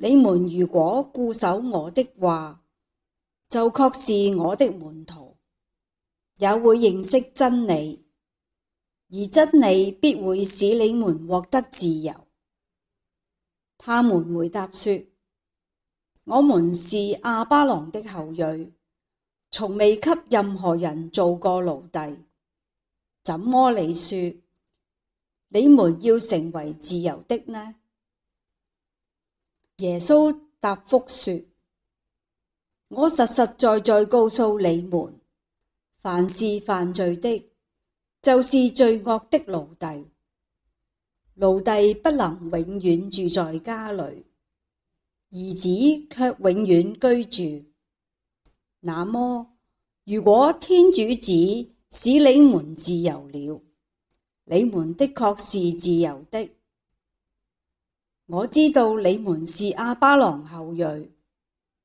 你們如果固守我的話，就確是我的門徒，也會認識真理，而真理必會使你們獲得自由。他們回答說：我們是亞巴郎的後裔，從未給任何人做過奴隸，怎麼你說你們要成為自由的呢？耶穌答覆說：我實實在在告訴你們，凡是犯罪的，就是罪惡的奴隸。奴隸不能永遠住在家裏，兒子卻永遠居住。那麼，如果天主子使你們自由了，你們的確是自由的。我知道你們是亞巴郎後裔，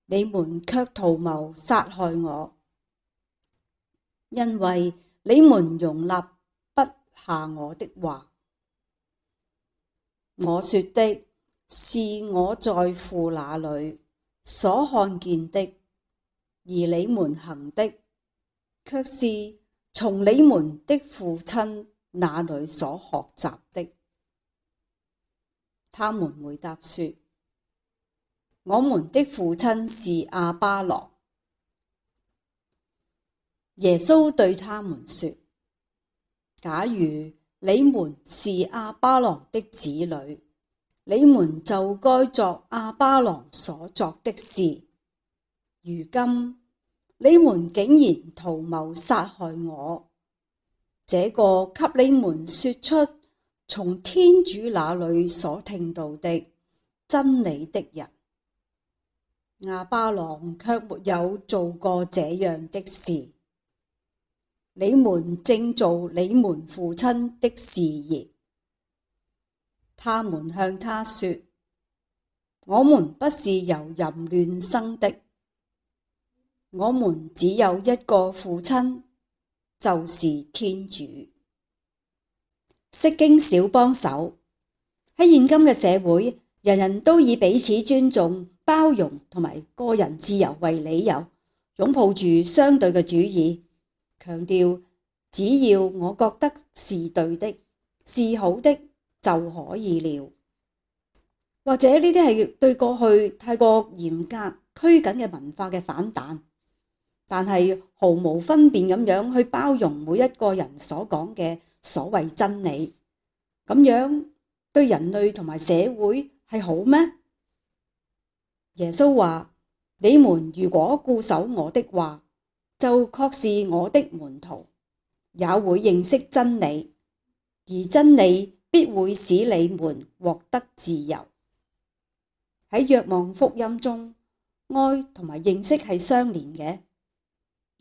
你們卻圖謀殺害我，因為你們容納不下我的話。我說的是我在父那裏所看見的，而你們行的卻是從你們的父親那裏所學習的。他們回答說：我們的父親是亞巴郎。耶穌對他們說：假如你們是亞巴郎的子女，你們就該作亞巴郎所作的事。如今你們，竟然圖謀殺害我，這個給你們說出從天主那裏所聽到的真理的人，亞巴郎卻沒有做過這樣的事。你們正做你們父親的事業。他們向他說：我們不是由淫亂生的，我們只有一個父親，就是天主。釋經小幫手，喺現今嘅社會，人人都以彼此尊重、包容同埋個人自由為理由，擁抱住相對嘅主義，強調只要我覺得是對的、是好的就可以了。或者呢啲係對過去太過嚴格拘謹嘅文化嘅反彈，但係毫無分辨咁樣去包容每一個人所講嘅。所謂真理，咁樣對人類同埋社會係好咩？耶穌話：你們如果固守我的話，就確是我的門徒，也會認識真理，而真理必會使你們獲得自由。喺若望福音中，愛同埋認識係相連嘅。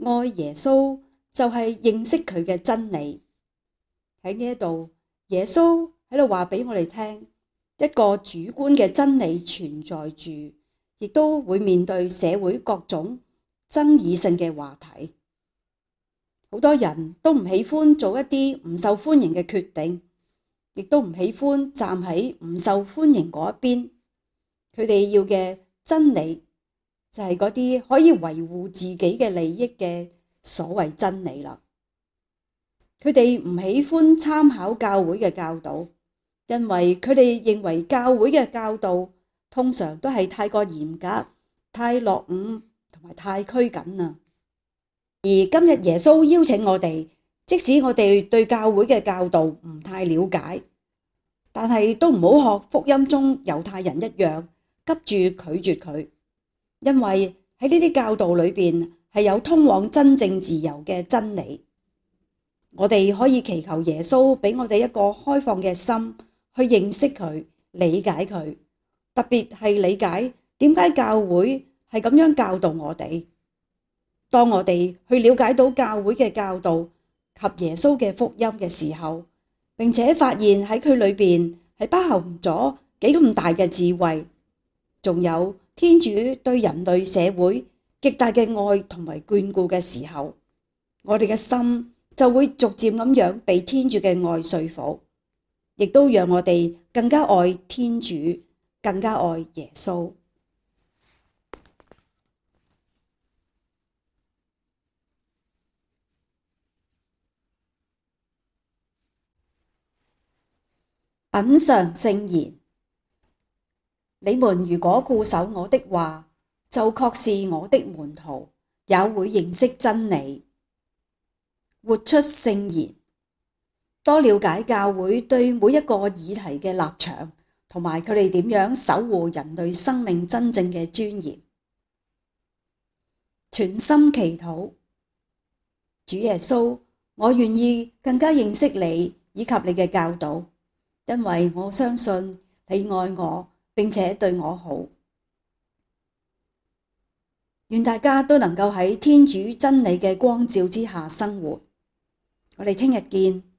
愛耶穌就係認識佢嘅真理。喺呢一度，耶穌喺度話俾我哋聽，一個主觀嘅真理存在住，亦都會面對社會各種爭議性嘅話題。好多人都唔喜歡做一啲唔受歡迎嘅決定，亦都唔喜歡站喺唔受歡迎嗰一邊。佢哋要嘅真理就係嗰啲可以維護自己嘅利益嘅所謂真理啦。佢哋唔喜歡參考教會嘅教導，因為佢哋認為教會嘅教導通常都係太過嚴格、太落伍同埋太拘謹啦。而今日耶穌邀請我哋，即使我哋對教會嘅教導唔太了解，但係都唔好學福音中猶太人一樣急住拒絕佢，因為喺呢啲教導裏邊係有通往真正自由嘅真理。我哋可以祈求耶穌俾我哋一個開放嘅心去認識佢、理解佢，特別係理解點解教會係咁樣教導我哋。當我哋去了解到教會嘅教導及耶穌嘅福音嘅時候，並且發現喺佢裏邊係包含咗幾咁大嘅智慧，仲有天主對人類社會極大嘅愛同埋眷顧嘅時候，我哋嘅心，就會逐漸咁樣被天主嘅愛説服，亦都讓我哋更加愛天主，更加愛耶穌。品嚐聖言，你們如果固守我的話，就確是我的門徒，也會認識真理。活出聖言，多了解教會對每一個議題嘅立場，同埋佢哋點樣守護人類生命真正嘅尊嚴。全心祈禱，主耶穌，我願意更加認識你以及你嘅教導，因為我相信你愛我，並且對我好。願大家都能夠喺天主真理嘅光照之下生活。我哋聽日見。